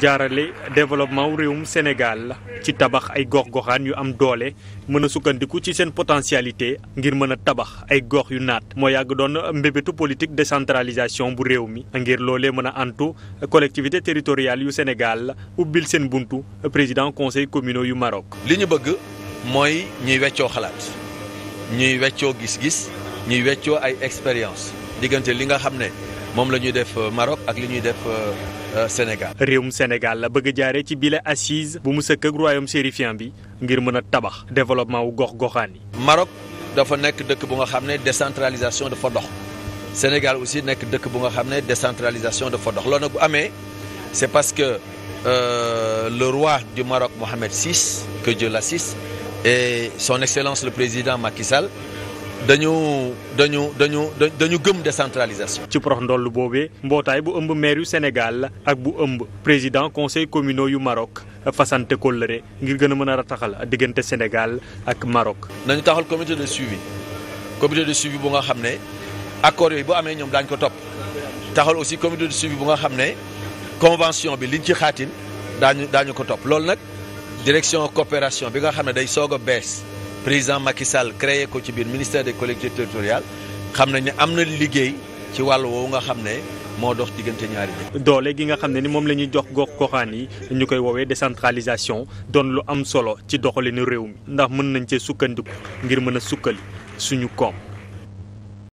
jaarale développement réewum Sénégal ci tabax ay gox-goxaan yu am doole mën a sukkandiku ci seen potentialité ngir mën a tabax ay gox yu naat moo yàgg doon mbébétu politique décentralisation bu réew mi ngir loole mën a antu collectivité territoriale yu Sénégal ubbil seen buntu président conseil communaux yu Maroc. li ñu bëgg mooy ñuy weccoo xalaat ñuy weccoo gis-gis ñuy weccoo ay expérience diggante li nga xam ne moom la ñuy def euh, Maroc ak li ñuy def euh, euh, Sénégal. réewum Sénégal la bëgg a jaare ci bile assise bu mu sëkk ak royaume chérifien bi ngir mën a tabax développement wu gox-goxaan yi. Maroc dafa nekk dëkk bu nga xam ne décentralisation dafa dox Sénégal aussi nekk dëkk bu nga xam ne décentralisation dafa dox loolu nag bu amee c'est parce que euh, le roi du Maroc Mohamed VI que Dieu l'assiste et son excellence le président Macky Sall. dañu dañu dañu dañu gëm décentralisation. ci prox ndoll boobee mbootaay bu ëmb maire yu Sénégal ak bu ëmb président conseil communaux yu Maroc fasante kóllëre ngir gën a mën a rataxal diggante Sénégal ak Maroc. nañu taxal comité de suivi comité de suivi bu nga xam ne accords yooyu bu amee ñoom daañ ko topp taxal aussi comité de suivi bu nga xam ne convention bi liñ ci xaatin daañu daañu ko topp loolu nag direction coopération bi nga xam ne day soog a bees. président Macky Sall créé ko ci biir ministère des collectivités territoriales xam na ñu am na liggéey ci wàll woowu nga xam ne moo dox diggante ñaari bi doole gi nga xam ne ni moom la ñuy jox gox goxaan yi ñu koy woowee décentralisation doon lu am solo ci doxalinu réew mi ndax mën nañ cee sukkandiku ngir mën a sukkali suñu koom.